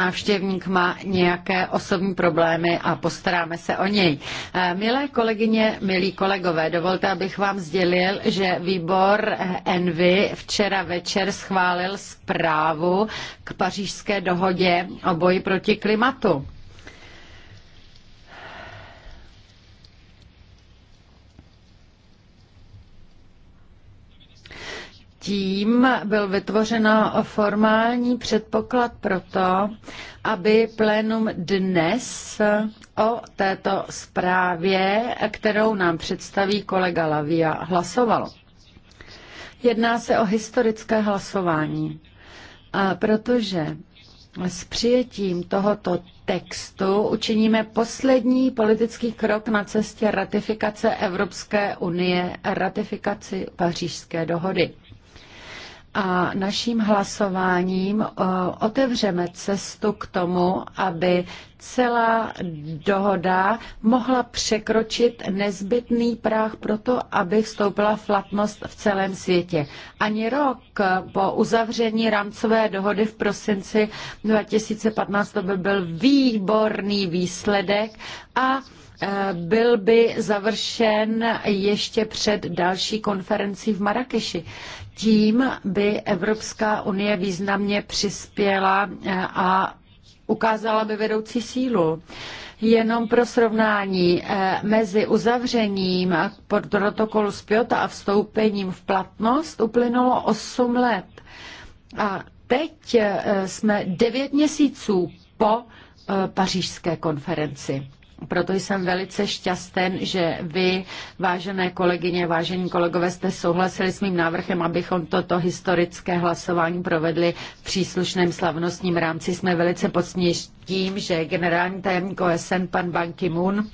návštěvník má nějaké osobní problémy a postaráme se o něj. Eh, milé kolegyně, milí kolegové, dovolte, abych vám sdělil, že výbor Envy včera večer schválil zprávu k pařížské dohodě o boji proti klimatu. tím byl vytvořena formální předpoklad pro to, aby plénum dnes o této zprávě, kterou nám představí kolega Lavia, hlasovalo. Jedná se o historické hlasování, protože s přijetím tohoto textu učiníme poslední politický krok na cestě ratifikace Evropské unie, ratifikaci pařížské dohody a naším hlasováním eh, otevřeme cestu k tomu, aby celá dohoda mohla překročit nezbytný práh pro to, aby vstoupila v platnost v celém světě. Ani rok po uzavření rámcové dohody v prosinci 2015 to by byl výborný výsledek a Eh, byl by završen ještě před další konferencí v Marrakeši. Tím by Evropská unie významně přispěla eh, a ukázala by vedoucí sílu. Jenom pro srovnání eh, mezi uzavřením protokolu z Piota a vstoupením v platnost uplynulo 8 let. A teď jsme 9 měsíců po pařížské konferenci. Proto jsem velice šťasten, že vy, vážené kolegyně, vážení kolegové, jste souhlasili s mým návrhem, abychom toto historické hlasování provedli v příslušném slavnostním rámci. Jsme velice pocní tím, že generální tajemník OSN pan Ban Ki-moon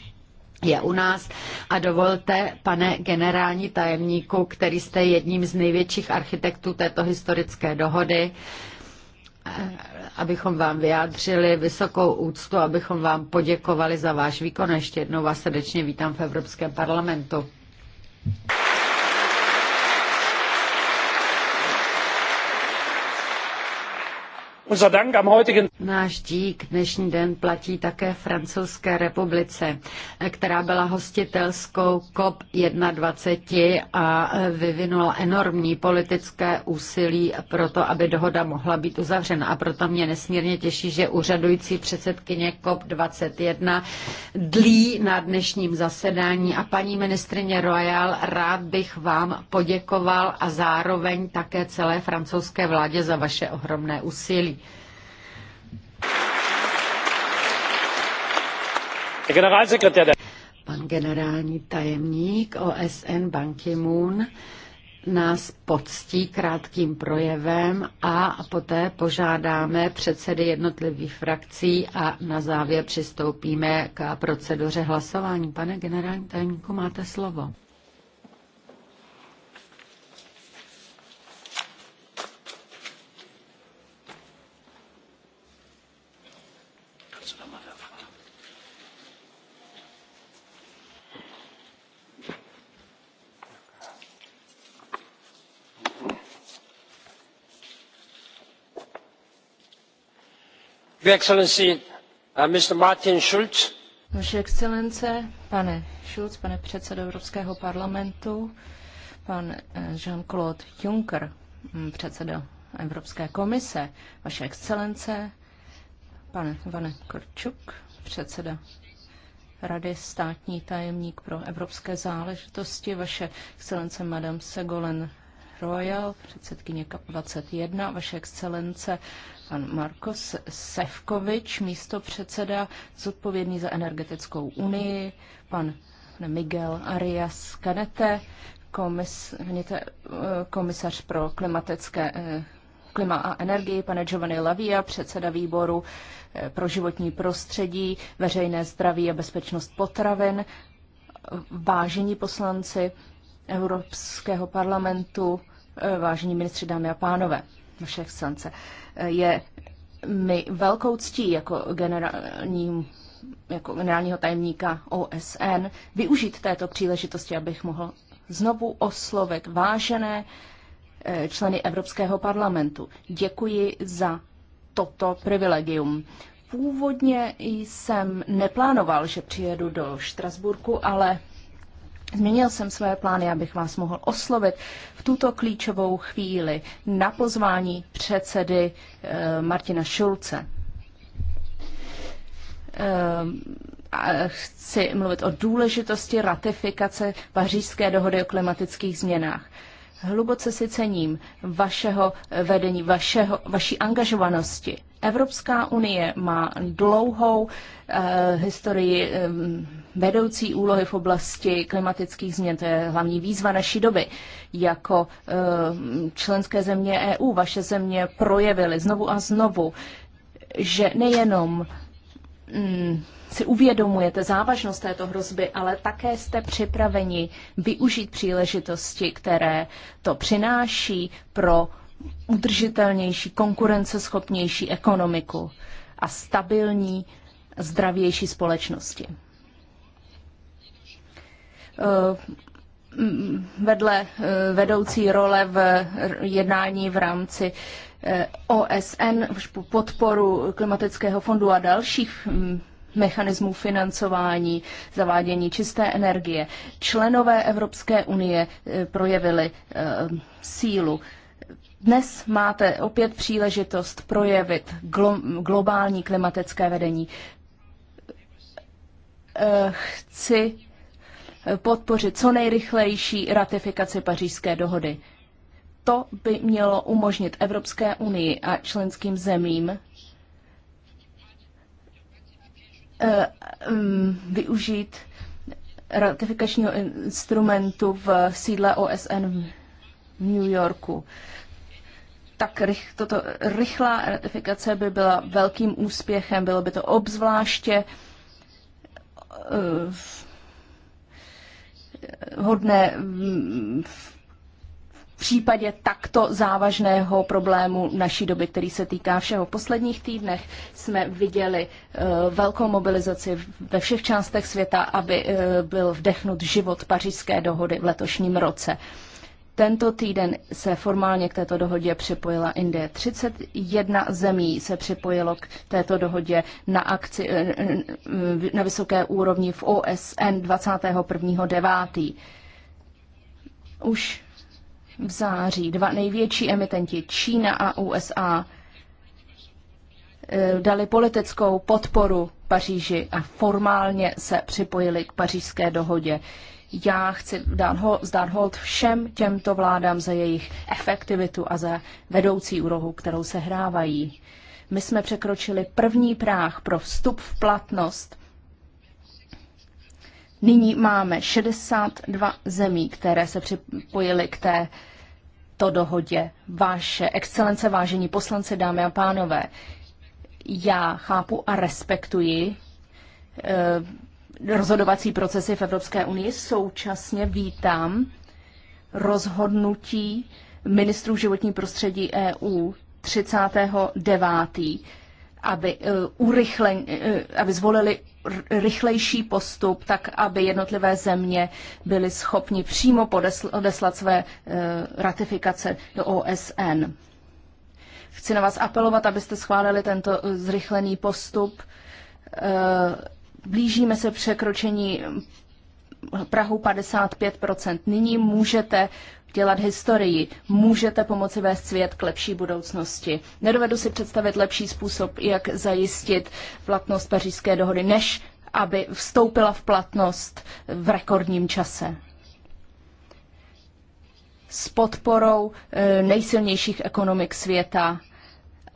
je u nás. A dovolte, pane generální tajemníku, který jste jedním z největších architektů této historické dohody, abychom vám vyjádřili vysokou úctu, abychom vám poděkovali za váš výkon. Ještě jednou vás srdečně vítám v Evropském parlamentu. Náš dík dnešní den platí také Francouzské republice, která byla hostitelskou COP21 a vyvinula enormní politické úsilí pro to, aby dohoda mohla být uzavřena. A proto mě nesmírně těší, že úřadující předsedkyně COP21 dlí na dnešním zasedání. A paní ministrině Royal, rád bych vám poděkoval a zároveň také celé francouzské vládě za vaše ohromné úsilí. Pan generální tajemník OSN Ban Ki-moon nás poctí krátkým projevem a poté požádáme předsedy jednotlivých frakcí a na závěr přistoupíme k proceduře hlasování. Pane generální tajemníku, máte slovo. Uh, Martin Schulz. Vaše excelence, pane Schulz, pane předsedo Evropského parlamentu, pan eh, Jean-Claude Juncker, mm, předseda Evropské komise, vaše excelence, pane Vane Korčuk, předseda Rady státní tajemník pro evropské záležitosti, vaše excelence Madame Segolene. Royal, předsedkyně KAP 21, vaše excelence, pan Markos Sevkovič místo předseda zodpovědný za energetickou unii, pan Miguel Arias Canete, komis, eh, komisař pro klimatické eh, klima a energii, pane Giovanni Lavia, předseda výboru eh, pro životní prostředí, veřejné zdraví a bezpečnost potravin, vážení poslanci Evropského parlamentu, Eh, vážení ministři, dámy a pánové, vaše excelence, eh, je mi velkou ctí jako, generální, jako generálního tajemníka OSN využít této příležitosti, abych mohl znovu oslovit vážené eh, členy Evropského parlamentu. Děkuji za toto privilegium. Původně jsem neplánoval, že přijedu do Štrasburku, ale Změnil jsem své plány, abych vás mohl oslovit v tuto klíčovou chvíli na pozvání předsedy eh, Martina Šulce. Eh, chci mluvit o důležitosti ratifikace pařížské dohody o klimatických změnách. Hluboce si cením vašeho vedení, vašeho, vaší angažovanosti. Evropská unie má dlouhou eh, historii eh, vedoucí úlohy v oblasti klimatických změn. To je hlavní výzva naší doby. Jako eh, členské země EU vaše země projevily znovu a znovu, že nejenom mm, si uvědomujete závažnost této hrozby, ale také jste připraveni využít příležitosti, které to přináší pro udržitelnější, konkurenceschopnější ekonomiku a stabilní, zdravější společnosti. Eh, vedle eh, vedoucí role v jednání v rámci eh, OSN, podporu klimatického fondu a dalších mm, mechanismů financování, zavádění čisté energie. Členové Evropské unie eh, projevili eh, sílu. Dnes máte opět příležitost projevit globální klimatické vedení. Eh, chci podpořit co nejrychlejší ratifikaci pařížské dohody. To by mělo umožnit Evropské unii a členským zemím Eh, mm, využít ratifikačního instrumentu v sídle OSN v New Yorku. Tak rych, toto rychlá ratifikace by byla velkým úspěchem, bylo by to obzvláště uh, hodné v případě takto závažného problému naší doby, který se týká všeho. V posledních týdnech jsme viděli eh, velkou mobilizaci ve všech částech světa, aby eh, byl vdechnut život pařížské dohody v letošním roce. Tento týden se formálně k této dohodě připojila Indie. 31 zemí se připojilo k této dohodě na, akci, eh, na vysoké úrovni v OSN 21.9. Už v září. Dva největší emitenti, Čína a USA, eh, dali politickou podporu Paříži a formálně se připojili k pařížské dohodě. Já chci zdát hold všem těmto vládám za jejich efektivitu a za vedoucí úrohu, kterou se hrávají. My jsme překročili první práh pro vstup v platnost. Nyní máme 62 zemí, které se připojily k té této dohodě. Vaše excelence, vážení poslanci, dámy a pánové, já chápu a respektuji eh, rozhodovací procesy v Evropské unii. Současně vítám rozhodnutí ministrů životní prostředí EU 39 aby, uh, aby zvolili rychlejší postup, tak aby jednotlivé země byly schopni přímo odeslat své eh, ratifikace do OSN. Chci na vás apelovat, abyste schválili tento zrychlený postup. Blížíme se překročení Prahu 55 Nyní můžete dělat historii. Můžete pomoci vést svět k lepší budoucnosti. Nedovedu si představit lepší způsob, jak zajistit platnost pařížské dohody, než aby vstoupila v platnost v rekordním čase. S podporou eh, nejsilnějších ekonomik světa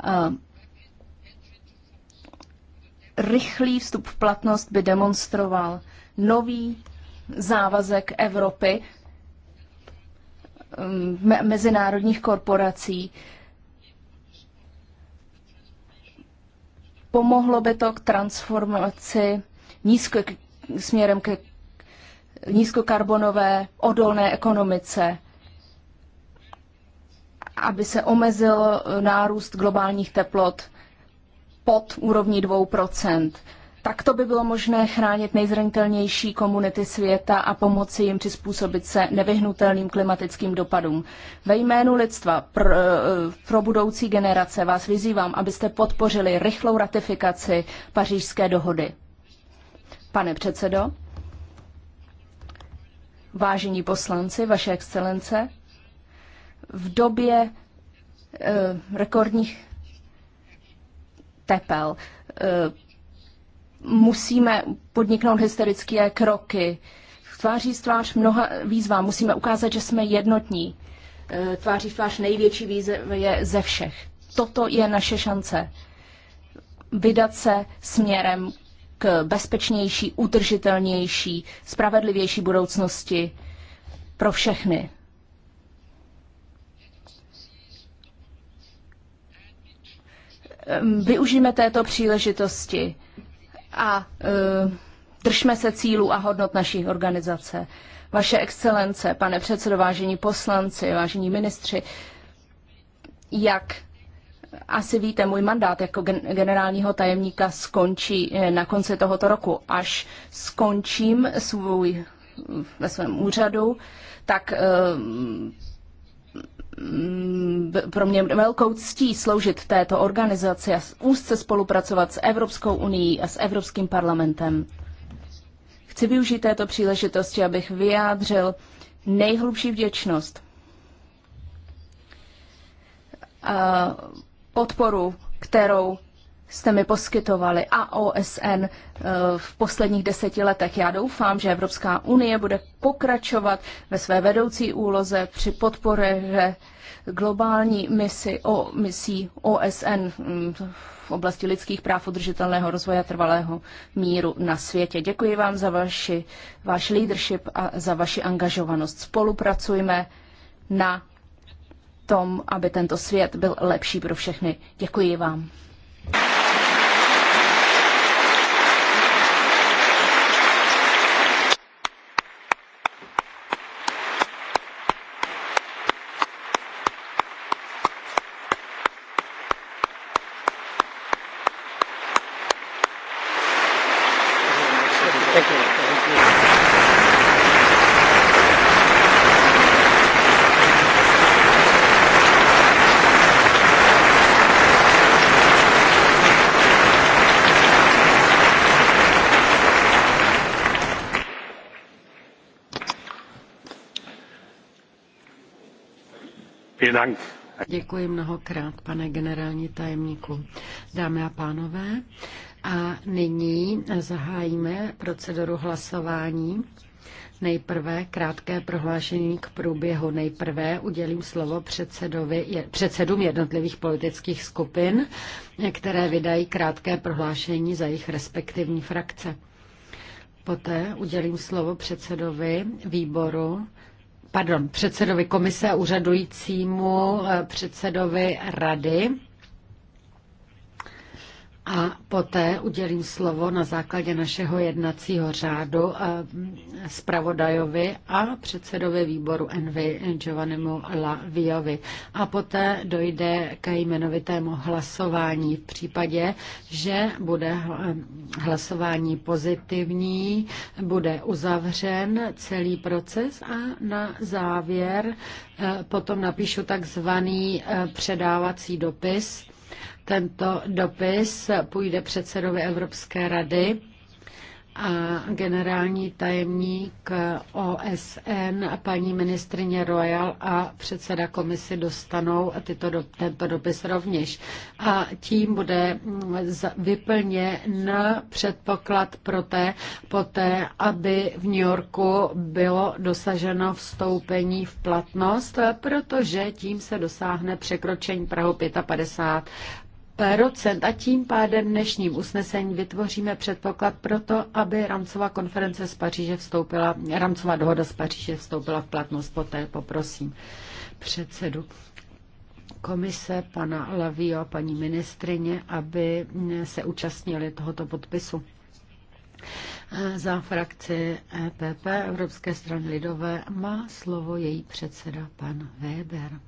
eh, rychlý vstup v platnost by demonstroval nový závazek Evropy me mezinárodních korporací. Pomohlo by to k transformaci nízko, směrem ke nízkokarbonové odolné ekonomice, aby se omezil nárůst globálních teplot pod úrovní 2 Takto by bylo možné chránit nejzranitelnější komunity světa a pomoci jim přizpůsobit se nevyhnutelným klimatickým dopadům. Ve jménu lidstva pro, eh, pro budoucí generace vás vyzývám, abyste podpořili rychlou ratifikaci pařížské dohody. Pane předsedo, vážení poslanci, vaše excelence, v době eh, rekordních tepel eh, musíme podniknout hysterické kroky. V tváří v tvář mnoha výzvám musíme ukázat, že jsme jednotní. E, tváří v tvář největší výzev je ze všech. Toto je naše šance. Vydat se směrem k bezpečnější, utržitelnější, spravedlivější budoucnosti pro všechny. Využijeme této příležitosti a e, držme se cílů a hodnot naší organizace. Vaše excelence, pane předsedo, vážení poslanci, vážení ministři, jak asi víte, můj mandát jako generálního tajemníka skončí e, na konci tohoto roku. Až skončím svůj, ve svém úřadu, tak e, Mm, pro mě velkou ctí sloužit této organizaci a úzce spolupracovat s Evropskou unii a s Evropským parlamentem. Chci využít této příležitosti, abych vyjádřil nejhlubší vděčnost a podporu, kterou jste mi poskytovali a OSN eh, v posledních deseti letech. Já doufám, že Evropská unie bude pokračovat ve své vedoucí úloze při podpoře globální misi o misí OSN mm, v oblasti lidských práv, udržitelného rozvoje a trvalého míru na světě. Děkuji vám za vaši, váš leadership a za vaši angažovanost. Spolupracujme na tom, aby tento svět byl lepší pro všechny. Děkuji vám. Dank. Děkuji mnohokrát, pane generální tajemníku. Dámy a pánové, a nyní zahájíme proceduru hlasování. Nejprve krátké prohlášení k průběhu. Nejprve udělím slovo předsedovi, předsedům jednotlivých politických skupin, které vydají krátké prohlášení za jejich respektivní frakce. Poté udělím slovo předsedovi výboru pardon, předsedovi komise a úřadujícímu eh, předsedovi rady a poté udělím slovo na základě našeho jednacího řádu eh, zpravodajovi a předsedovi výboru Envy Giovannemu Laviovi. A poté dojde ke jmenovitému hlasování v případě, že bude hlasování pozitivní, bude uzavřen celý proces a na závěr eh, potom napíšu takzvaný eh, předávací dopis tento dopis půjde předsedovi Evropské rady a generální tajemník OSN, paní ministrině Royal a předseda komisy dostanou tyto, tento dopis rovněž. A tím bude vyplněn předpoklad pro té, poté, aby v New Yorku bylo dosaženo vstoupení v platnost, protože tím se dosáhne překročení Prahu 55 procent a tím pádem dnešním usnesení vytvoříme předpoklad pro to, aby rámcová konference z Paříže vstoupila, rámcová dohoda z Paříže vstoupila v platnost. Poté poprosím předsedu komise, pana Lavio a paní ministrině, aby se účastnili tohoto podpisu. Za frakci EPP Evropské strany lidové má slovo její předseda pan Weber.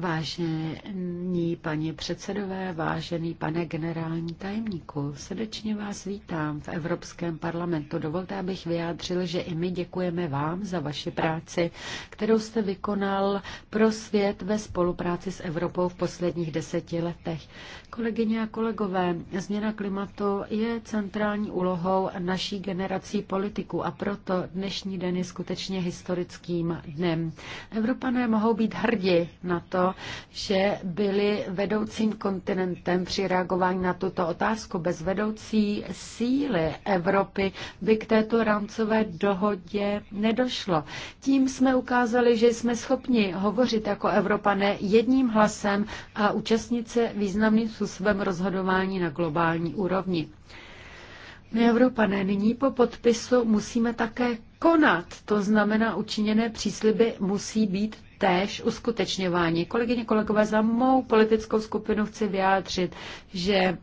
Vážení paní předsedové, vážený pane generální tajemníku, srdečně vás vítám v Evropském parlamentu. Dovolte, abych vyjádřil, že i my děkujeme vám za vaši práci, kterou jste vykonal pro svět ve spolupráci s Evropou v posledních deseti letech. Kolegyně a kolegové, změna klimatu je centrální úlohou naší generací politiků a proto dnešní den je skutečně historickým dnem. Evropané mohou být hrdi na to, že byli vedoucím kontinentem při reagování na tuto otázku. Bez vedoucí síly Evropy by k této rámcové dohodě nedošlo. Tím jsme ukázali, že jsme schopni hovořit jako Evropané jedním hlasem a účastnit se významným způsobem rozhodování na globální úrovni. My Evropané nyní po podpisu musíme také konat. To znamená, učiněné přísliby musí být též uskutečňování. Kolegyně, kolegové, za mou politickou skupinu chci vyjádřit, že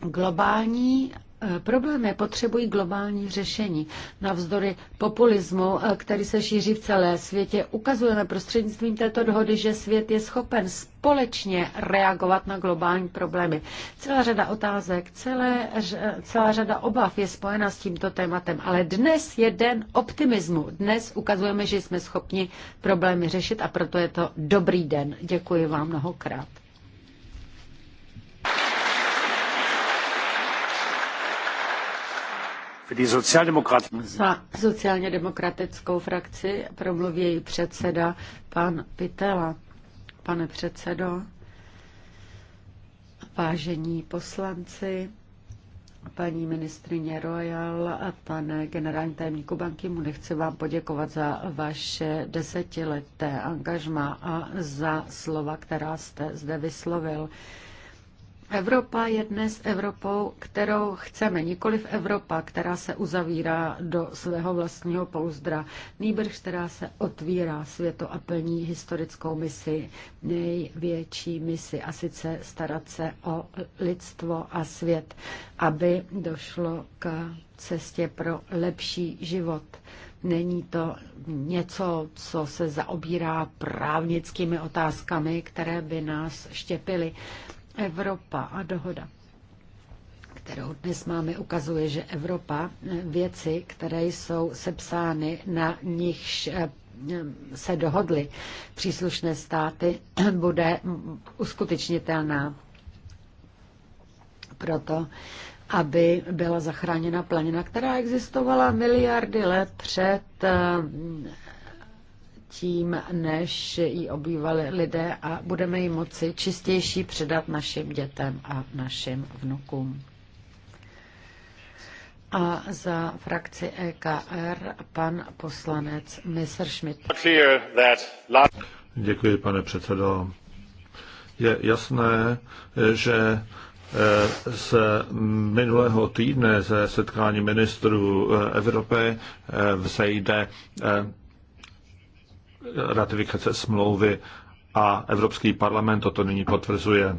globální Eh, problémy potřebují globální řešení. Navzdory populismu, eh, který se šíří v celé světě, ukazujeme prostřednictvím této dohody, že svět je schopen společně reagovat na globální problémy. Celá řada otázek, celé, eh, celá řada obav je spojena s tímto tématem, ale dnes je den optimismu. Dnes ukazujeme, že jsme schopni problémy řešit a proto je to dobrý den. Děkuji vám mnohokrát. Za sociálně demokratickou frakci promluví její předseda, pan Pitela. Pane předsedo, vážení poslanci, paní ministrině Royal a pane generální tajemníku banky mu nechci vám poděkovat za vaše desetileté angažma a za slova, která jste zde vyslovil. Evropa je dnes Evropou, kterou chceme, nikoliv Evropa, která se uzavírá do svého vlastního pouzdra, nýbrž která se otvírá světu a plní historickou misi, největší misi, a sice starat se o lidstvo a svět, aby došlo k cestě pro lepší život. Není to něco, co se zaobírá právnickými otázkami, které by nás štěpily. Evropa a dohoda kterou dnes máme, ukazuje, že Evropa eh, věci, které jsou sepsány, na nichž eh, se dohodly příslušné státy, bude uskutečnitelná. Proto, aby byla zachráněna planina, která existovala miliardy let před eh, tím, než ji obývali lidé a budeme ji moci čistější předat našim dětem a našim vnukům. A za frakci EKR pan poslanec Messerschmidt. Děkuji, pane předsedo. Je jasné, že eh, z minulého týdne ze setkání ministrů eh, Evropy eh, vzejde ratifikace smlouvy a Evropský parlament toto nyní potvrzuje.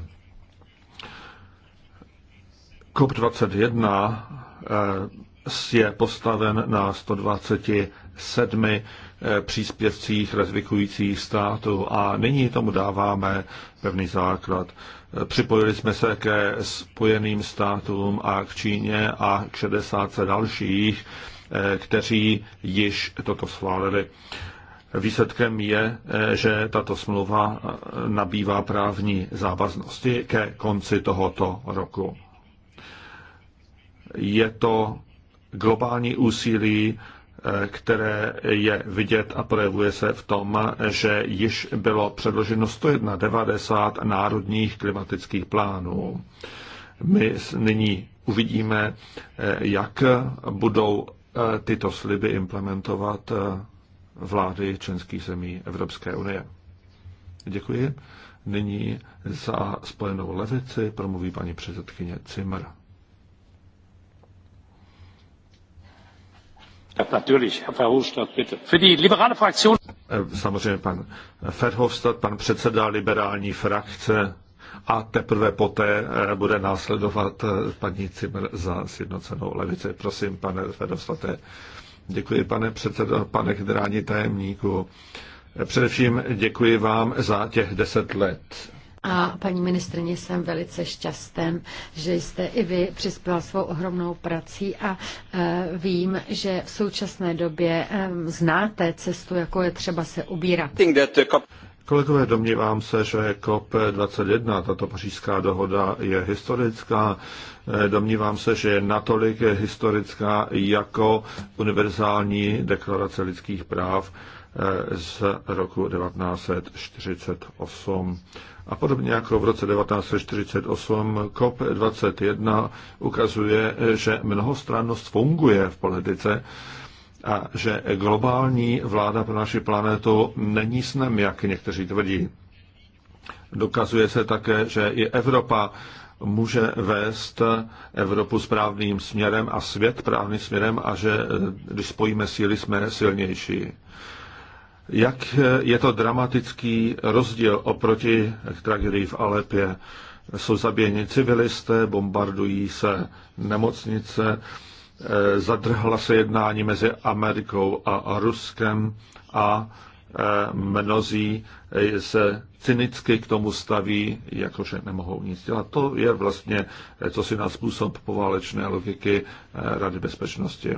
COP21 eh, je postaven na 127 eh, příspěvcích ratifikujících států a nyní tomu dáváme pevný základ. Připojili jsme se ke Spojeným státům a k Číně a k 60 dalších, eh, kteří již toto schválili. Výsledkem je, eh, že tato smlouva eh, nabývá právní závaznosti ke konci tohoto roku. Je to globální úsilí, eh, které je vidět a projevuje se v tom, že již bylo předloženo 191 národních klimatických plánů. My nyní uvidíme, jak budou tyto sliby implementovat vlády členských zemí Evropské unie. Děkuji. Nyní za spojenou levici promluví paní předsedkyně Zimmer. Eh, samozřejmě pan Ferhofstadt, pan předseda liberální frakce a teprve poté eh, bude následovat eh, paní Zimmer za sjednocenou levici. Prosím, pane Ferhofstadt, Děkuji, pane předsedo, pane generální tajemníku. Především děkuji vám za těch deset let. A paní ministrině jsem velice šťastný, že jste i vy přispěla svou ohromnou prací a e, vím, že v současné době e, znáte cestu, jako je třeba se ubírat. Kolegové, domnívám se, že COP21, tato pařížská dohoda, je historická. Domnívám se, že je natolik historická jako univerzální deklarace lidských práv eh, z roku 1948. A podobně jako v roce 1948 COP21 ukazuje, že mnohostrannost funguje v politice a že globální vláda pro naši planetu není snem, jak někteří tvrdí. Dokazuje se také, že i Evropa může vést Evropu správným směrem a svět právným směrem a že když spojíme síly, jsme silnější. Jak je to dramatický rozdíl oproti tragédii v Alepě? Jsou zabíjeni civilisté, bombardují se nemocnice, Eh, zadrhla se jednání mezi Amerikou a Ruskem a eh, mnozí eh, se cynicky k tomu staví, jakože nemohou nic dělat. To je vlastně, co si na způsob poválečné logiky Rady bezpečnosti.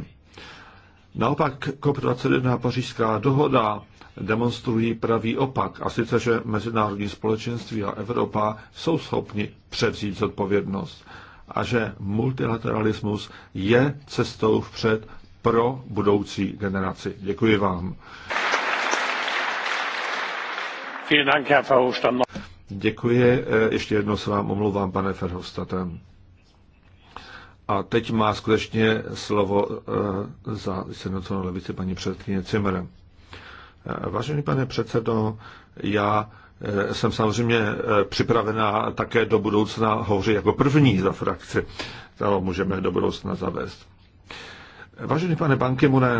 Naopak COP21 pařížská dohoda demonstrují pravý opak, a sice, že mezinárodní společenství a Evropa jsou schopni převzít zodpovědnost a že multilateralismus je cestou vpřed pro budoucí generaci. Děkuji vám. Děkuji. Eh, ještě jednou se vám omlouvám, pane Ferhofstadem. A teď má skutečně slovo eh, za senocnou levici paní předkyně Uh, eh, Vážený pane předsedo, já Eh, jsem samozřejmě eh, připravená také do budoucna hovořit jako první za frakci, kterou můžeme do budoucna zavést. Vážený pane Bankimune,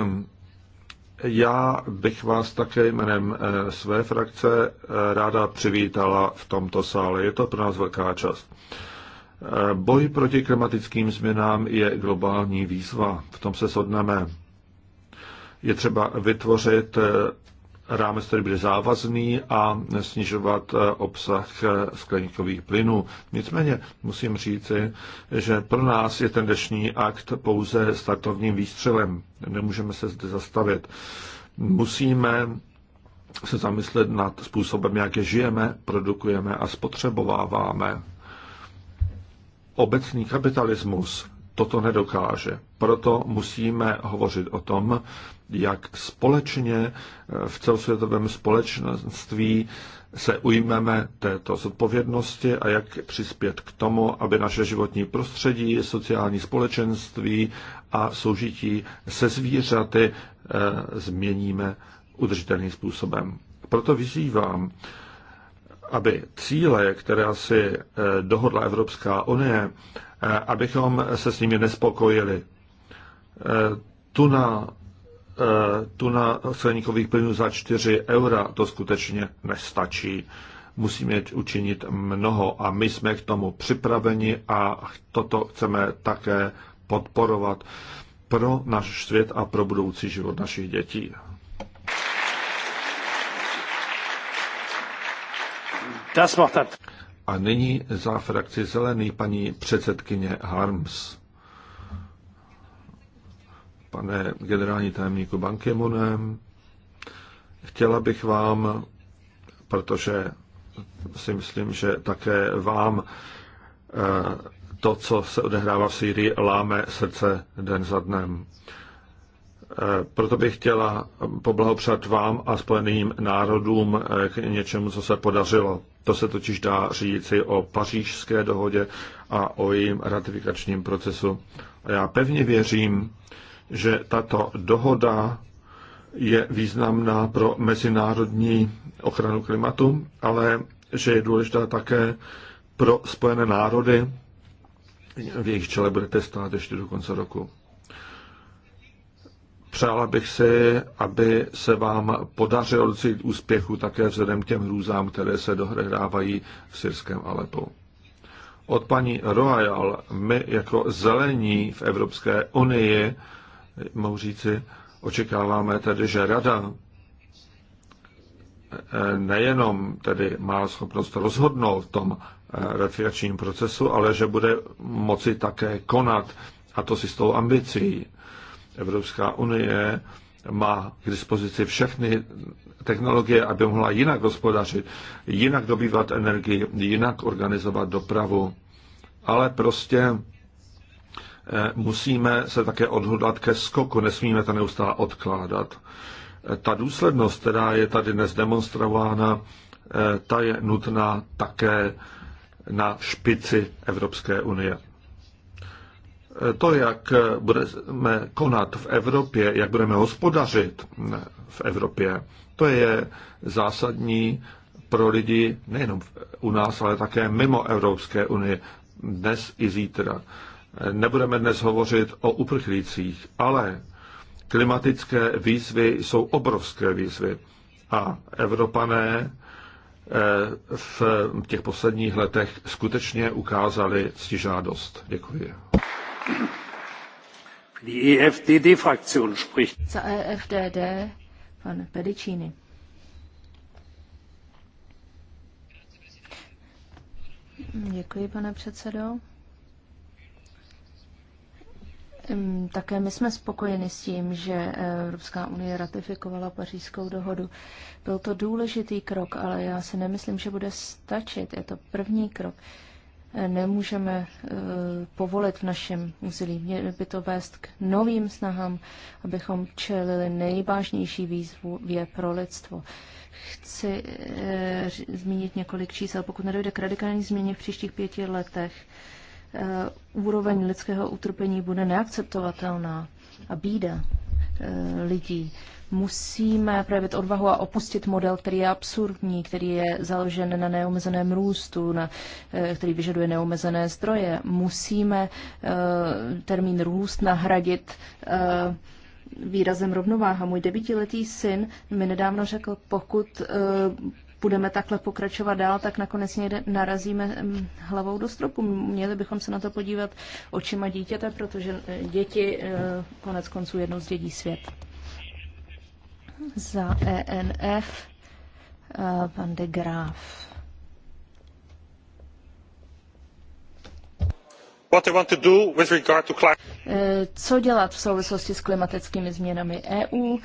já bych vás také jménem eh, své frakce ráda přivítala v tomto sále. Je to pro nás velká čast. Boj proti klimatickým změnám je globální výzva, v tom se shodneme. Je třeba vytvořit rámec, který bude závazný a snižovat eh, obsah eh, skleníkových plynů. Nicméně musím říci, že pro nás je ten dnešní akt pouze startovním výstřelem. Nemůžeme se zde zastavit. Musíme se zamyslet nad způsobem, jak je žijeme, produkujeme a spotřebováváme. Obecný kapitalismus toto nedokáže. Proto musíme hovořit o tom, jak společně eh, v celosvětovém společenství se ujmeme této zodpovědnosti a jak přispět k tomu, aby naše životní prostředí, sociální společenství a soužití se zvířaty eh, změníme udržitelným způsobem. Proto vyzývám, aby cíle, které si eh, dohodla Evropská unie, abychom se s nimi nespokojili. tu na Eh, tuna silníkových plynů za 4 eura, to skutečně nestačí. Musíme učinit mnoho a my jsme k tomu připraveni a toto chceme také podporovat pro náš svět a pro budoucí život našich dětí. A nyní za frakci zelený paní předsedkyně Harms pane generální tajemníku Banky Chtěla bych vám, protože si myslím, že také vám eh, to, co se odehrává v Sýrii, láme srdce den za dnem. Eh, proto bych chtěla poblahopřát vám a Spojeným národům eh, k něčemu, co se podařilo. To se totiž dá říci o pařížské dohodě a o jejím ratifikačním procesu. A já pevně věřím, že tato dohoda je významná pro mezinárodní ochranu klimatu, ale že je důležitá také pro Spojené národy, v jejich čele budete stát ještě do konce roku. Přála bych si, aby se vám podařilo docít úspěchu také vzhledem k těm hrůzám, které se dohrávají v syrském Alepu. Od paní Royal my jako zelení v Evropské unii mohu říci, očekáváme tedy, že rada e, nejenom tedy má schopnost rozhodnout v tom e, ratifikačním procesu, ale že bude moci také konat, a to si s tou ambicí. Evropská unie má k dispozici všechny technologie, aby mohla jinak hospodařit, jinak dobývat energii, jinak organizovat dopravu. Ale prostě Eh, musíme se také odhodlat ke skoku, nesmíme to neustále odkládat. Eh, ta důslednost, která je tady dnes demonstrována, eh, ta je nutná také na špici Evropské unie. To, jak budeme konat v Evropě, jak budeme hospodařit v Evropě, to je zásadní pro lidi nejenom u nás, ale také mimo Evropské unie dnes i zítra. Nebudeme dnes hovořit o uprchlících, ale klimatické výzvy jsou obrovské výzvy. A Evropané eh, v těch posledních letech skutečně ukázali stižádost. Děkuji. EFDD e Za EFDD pan Pedicini. Děkuji, pane předsedo. Hm, také my jsme spokojeni s tím, že eh, Evropská unie ratifikovala pařížskou dohodu. Byl to důležitý krok, ale já si nemyslím, že bude stačit. Je to první krok. Eh, nemůžeme eh, povolit v našem úsilí. Měli by to vést k novým snahám, abychom čelili nejvážnější výzvě pro lidstvo. Chci zmínit několik čísel. Pokud nedojde k radikální změně v příštích pěti letech, Eh, úroveň lidského utrpení bude neakceptovatelná a bída eh, lidí. Musíme projevit odvahu a opustit model, který je absurdní, který je založen na neomezeném růstu, na, eh, který vyžaduje neomezené zdroje. Musíme termín růst nahradit výrazem rovnováha. Můj devítiletý syn mi nedávno řekl, pokud budeme takhle pokračovat dál, tak nakonec někde narazíme mm, hlavou do stropu. Měli bychom se na to podívat očima dítěte, protože e, děti e, konec konců jednou zdědí svět. Za ENF e, pan de Graaf. Co dělat v souvislosti s klimatickými změnami EU?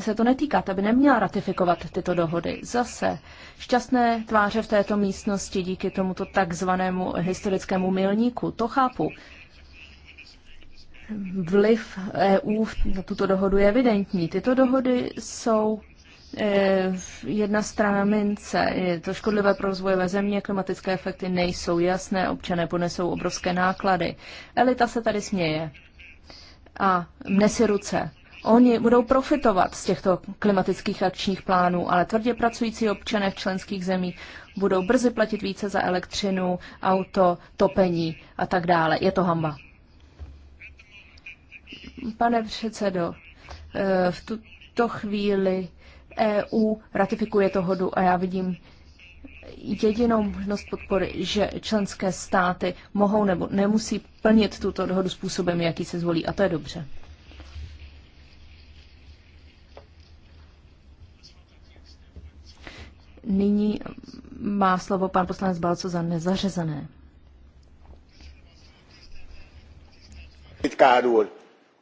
se to netýká, ta by neměla ratifikovat tyto dohody. Zase šťastné tváře v této místnosti díky tomuto takzvanému historickému milníku, to chápu. Vliv EU na tuto dohodu je evidentní. Tyto dohody jsou e, jedna strana mince. Je to škodlivé pro rozvojové země, klimatické efekty nejsou jasné, občané ponesou obrovské náklady. Elita se tady směje a mne si ruce. Oni budou profitovat z těchto klimatických akčních plánů, ale tvrdě pracující občané v členských zemích budou brzy platit více za elektřinu, auto, topení a tak dále. Je to hamba. Pane předsedo, eh, v tuto chvíli EU ratifikuje to hodu a já vidím jedinou možnost podpory, že členské státy mohou nebo nemusí plnit tuto dohodu způsobem, jaký se zvolí. A to je dobře. Nyní má slovo pan poslanec Balco za nezařazené. Titkár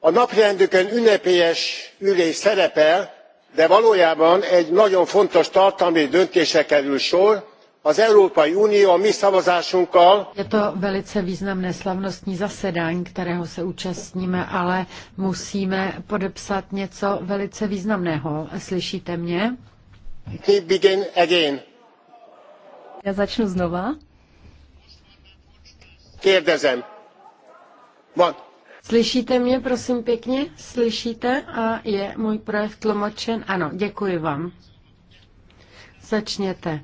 a napirendükön ünnepélyes ülés szerepel, de valójában egy nagyon fontos tartalmi döntése kerül sor, az Európai Unió a mi szavazásunkkal. Je to velice významné slavnostní zasedání, kterého se účastníme, ale musíme podepsat něco velice významného. Slyšíte mě? We begin again. Já začnu znova. Kérdezem. Mond. Slyšíte mě, prosím pěkně? Slyšíte? A je můj projev tlumočen? Ano, děkuji vám. Začněte.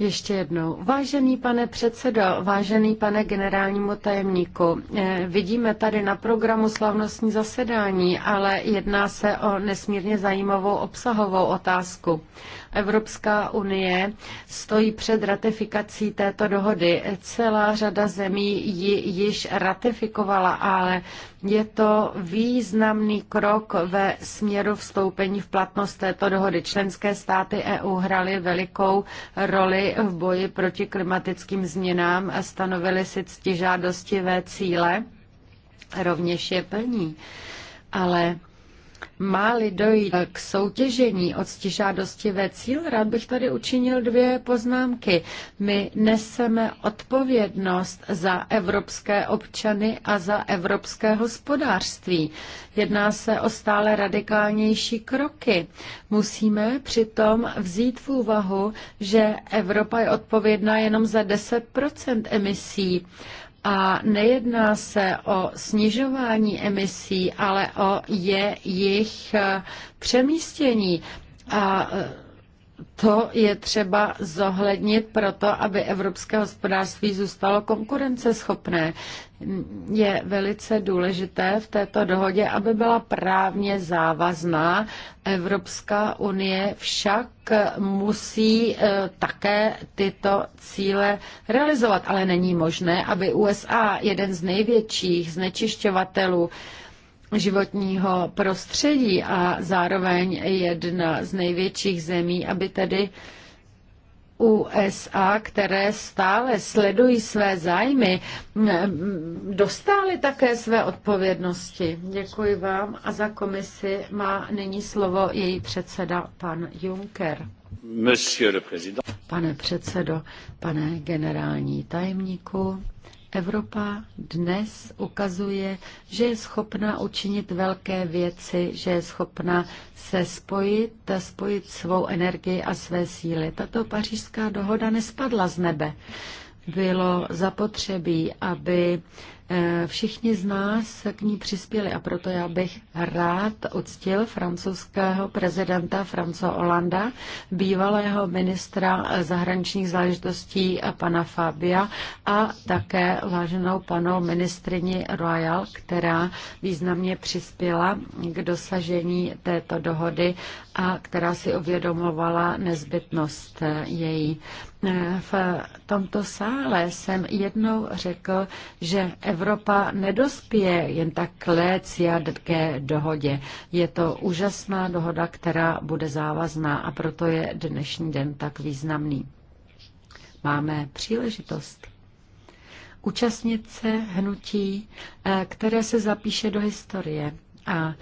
Ještě jednou. Vážený pane předsedo, vážený pane generálnímu tajemníku, eh, vidíme tady na programu slavnostní zasedání, ale jedná se o nesmírně zajímavou obsahovou otázku. Evropská unie stojí před ratifikací této dohody. Celá řada zemí ji již ratifikovala, ale je to významný krok ve směru vstoupení v platnost této dohody. Členské státy EU hrály velikou roli v boji proti klimatickým změnám a stanovily si ctižádostivé cíle. Rovněž je plní. Ale Máli dojít k soutěžení od stižádosti ve cíl, rád bych tady učinil dvě poznámky. My neseme odpovědnost za evropské občany a za evropské hospodářství. Jedná se o stále radikálnější kroky. Musíme přitom vzít v úvahu, že Evropa je odpovědná jenom za 10 emisí a nejedná se o snižování emisí, ale o jejich eh, přemístění. A eh, to je třeba zohlednit proto, aby evropské hospodářství zůstalo konkurenceschopné. Je velice důležité v této dohodě, aby byla právně závazná. Evropská unie však musí eh, také tyto cíle realizovat, ale není možné, aby USA, jeden z největších znečišťovatelů, životního prostředí a zároveň jedna z největších zemí, aby tedy USA, které stále sledují své zájmy, dostály také své odpovědnosti. Děkuji vám a za komisi má nyní slovo její předseda pan Juncker. Pane předsedo, pane generální tajemníku, Evropa dnes ukazuje, že je schopna učinit velké věci, že je schopna se spojit, spojit svou energii a své síly. Tato pařížská dohoda nespadla z nebe. Bylo zapotřebí, aby Všichni z nás k ní přispěli a proto já bych rád odstil francouzského prezidenta Franco Hollanda, bývalého ministra zahraničních záležitostí pana Fabia a také váženou panou ministrini Royal, která významně přispěla k dosažení této dohody a která si uvědomovala nezbytnost její v tomto sále jsem jednou řekl, že Evropa nedospěje jen tak k léciadké dohodě. Je to úžasná dohoda, která bude závazná a proto je dnešní den tak významný. Máme příležitost účastnit se hnutí, eh, které se zapíše do historie. A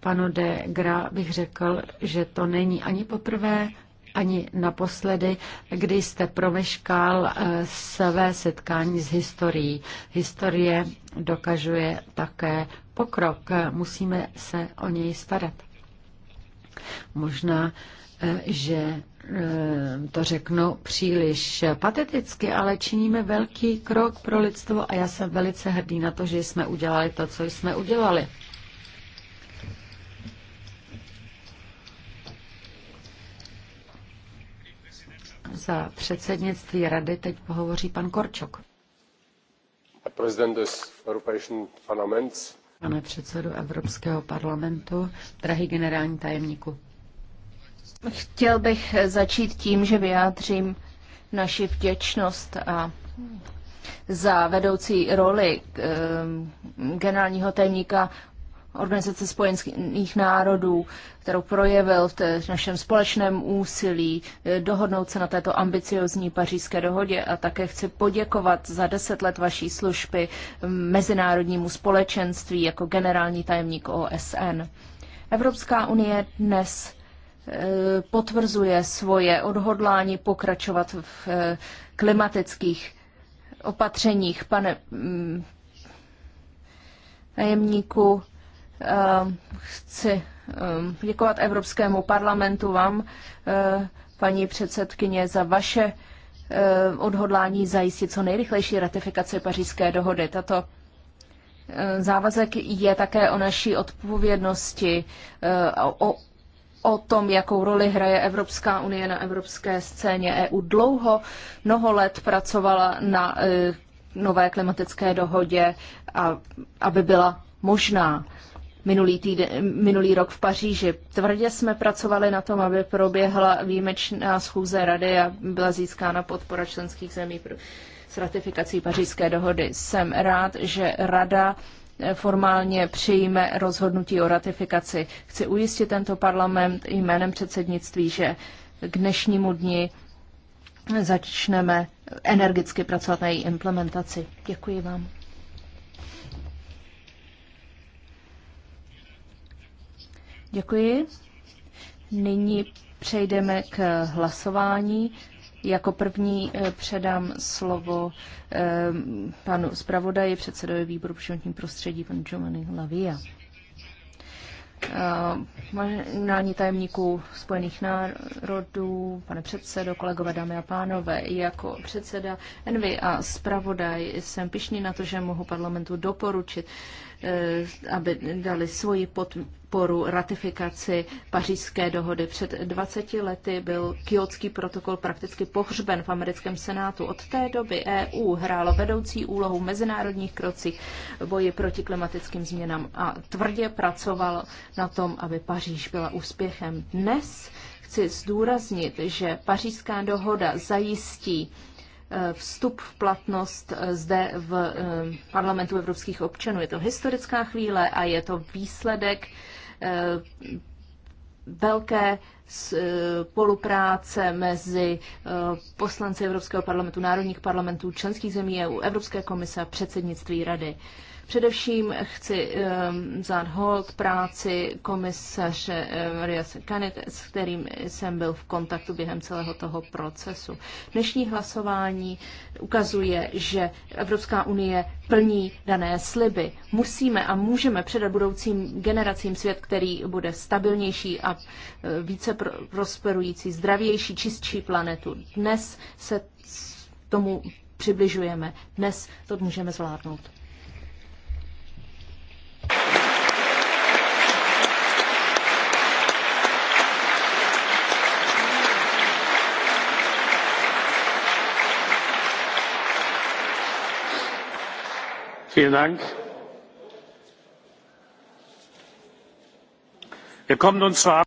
panu de Gra bych řekl, že to není ani poprvé, ani naposledy, kdy jste promeškal eh, své setkání s historií. Historie dokazuje také pokrok. Musíme se o něj starat. Možná, eh, že eh, to řeknu příliš pateticky, ale činíme velký krok pro lidstvo a já jsem velice hrdý na to, že jsme udělali to, co jsme udělali. Za předsednictví rady teď pohovoří pan Korčok. Pane předsedu Evropského parlamentu, drahý generální tajemníku. Chtěl bych začít tím, že vyjádřím naši vděčnost a za vedoucí roli eh, generálního tajemníka Organizace spojených národů, kterou projevil v, té, našem společném úsilí eh, dohodnout se na této ambiciozní pařížské dohodě a také chci poděkovat za deset let vaší služby mm, mezinárodnímu společenství jako generální tajemník OSN. Evropská unie dnes eh, potvrzuje svoje odhodlání pokračovat v eh, klimatických opatřeních. Pane mm, tajemníku, Ehm, chci ehm, děkovat Evropskému parlamentu vám, eh, paní předsedkyně, za vaše ehm, odhodlání zajistit co nejrychlejší ratifikaci pařížské dohody. Tato závazek je také o naší odpovědnosti, eh, o, o tom, jakou roli hraje Evropská unie na evropské scéně. EU dlouho, mnoho let pracovala na eh, nové klimatické dohodě, a, aby byla možná minulý, týden, minulý rok v Paříži. Tvrdě jsme pracovali na tom, aby proběhla výjimečná schůze rady a byla získána podpora členských zemí s ratifikací pařížské dohody. Jsem rád, že rada eh, formálně přijme rozhodnutí o ratifikaci. Chci ujistit tento parlament jménem předsednictví, že k dnešnímu dni začneme energicky pracovat na její implementaci. Děkuji vám. Děkuji. Nyní přejdeme k hlasování. Jako první eh, předám slovo eh, panu zpravodaji, předsedovi výboru pro životní prostředí, panu Giovanni Lavia. Eh, marginální tajemníků Spojených národů, pane předsedo, kolegové, dámy a pánové, jako předseda Envy a zpravodaj jsem pišný na to, že mohu parlamentu doporučit Eh, aby dali svoji podporu ratifikaci pařížské dohody. Před 20 lety byl kiotský protokol prakticky pohřben v americkém senátu. Od té doby EU hrálo vedoucí úlohu v mezinárodních krocích boji proti klimatickým změnám a tvrdě pracoval na tom, aby Paříž byla úspěchem. Dnes chci zdůraznit, že pařížská dohoda zajistí vstup v platnost eh, zde v eh, parlamentu evropských občanů. Je to historická chvíle a je to výsledek eh, velké spolupráce mezi poslanci Evropského parlamentu, národních parlamentů, členských zemí EU, Evropské komise a předsednictví rady. Především chci um, vzát hold práci komisaře um, eh, Rias Kanet, s kterým jsem byl v kontaktu během celého toho procesu. Dnešní hlasování ukazuje, že Evropská unie plní dané sliby. Musíme a můžeme předat budoucím generacím svět, který bude stabilnější a eh, více prosperující, zdravější, čistší planetu. Dnes se tomu přibližujeme. Dnes to můžeme zvládnout.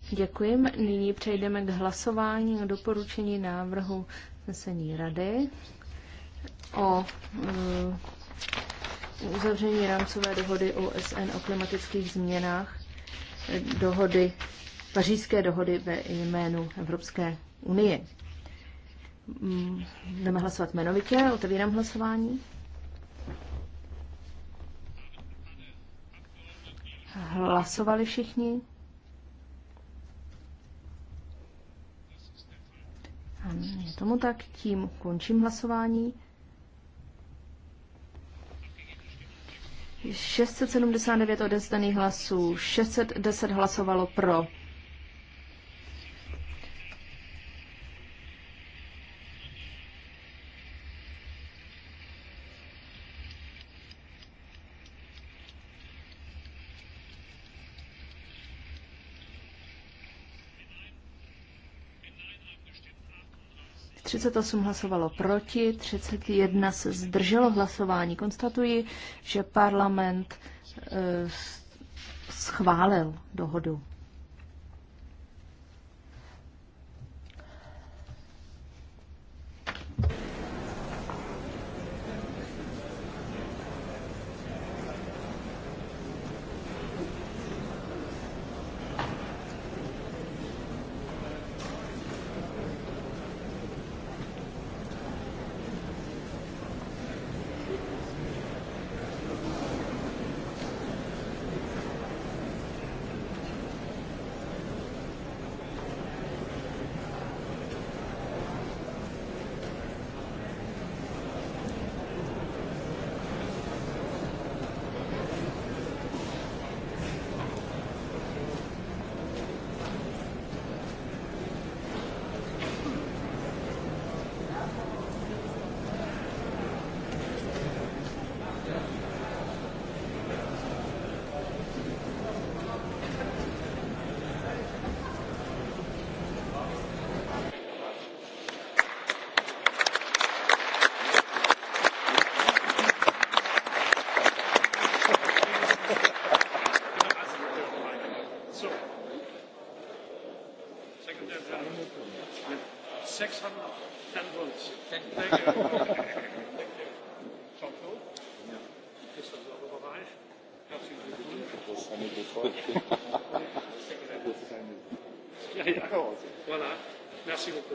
Děkuji. Nyní přejdeme k hlasování o doporučení návrhu usnesení rady o eh, uzavření rámcové dohody OSN o klimatických změnách, dohody, pařížské dohody ve jménu Evropské unie. Mm, budeme hlasovat jmenovitě, otevírám hlasování. Hlasovali všichni? Je tomu tak, tím končím hlasování. 679 odezdaných hlasů, 610 hlasovalo pro. 38 hlasovalo proti, 31 se zdrželo hlasování. Konstatuji, že parlament eh, schválil dohodu. Merci beaucoup.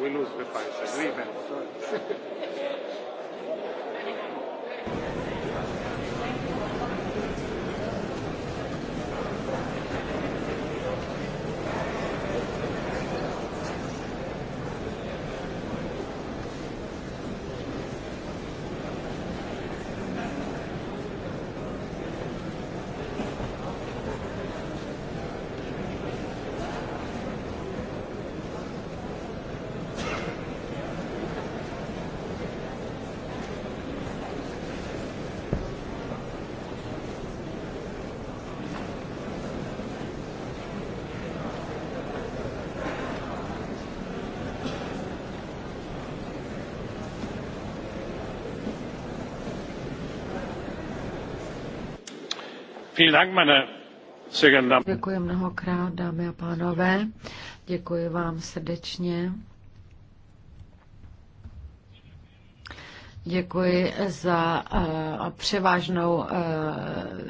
we lose the fight agreement. Děkuji mnohokrát, dámy a pánové. Děkuji vám srdečně. Děkuji za uh, převážnou uh,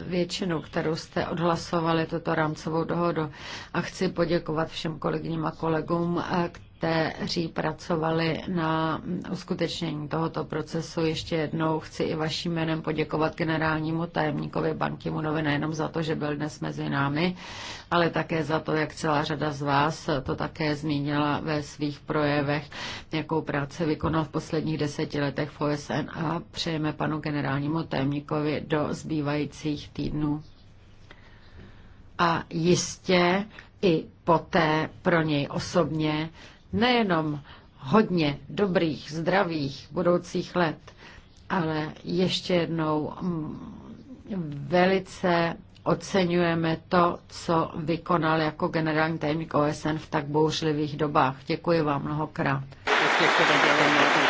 většinu, kterou jste odhlasovali tuto rámcovou dohodu. A chci poděkovat všem kolegyním a kolegům, uh, kteří pracovali na uskutečnění tohoto procesu. Ještě jednou chci i vaším jménem poděkovat generálnímu tajemníkovi banky Munovi nejenom za to, že byl dnes mezi námi, ale také za to, jak celá řada z vás to také zmínila ve svých projevech, jakou práci vykonal v posledních deseti letech v OSN a přejeme panu generálnímu tajemníkovi do zbývajících týdnů. A jistě i poté pro něj osobně nejenom hodně dobrých, zdravých budoucích let, ale ještě jednou mm, velice oceňujeme to, co vykonal jako generální tajemník OSN v tak bouřlivých dobách. Děkuji vám mnohokrát. Děkuji.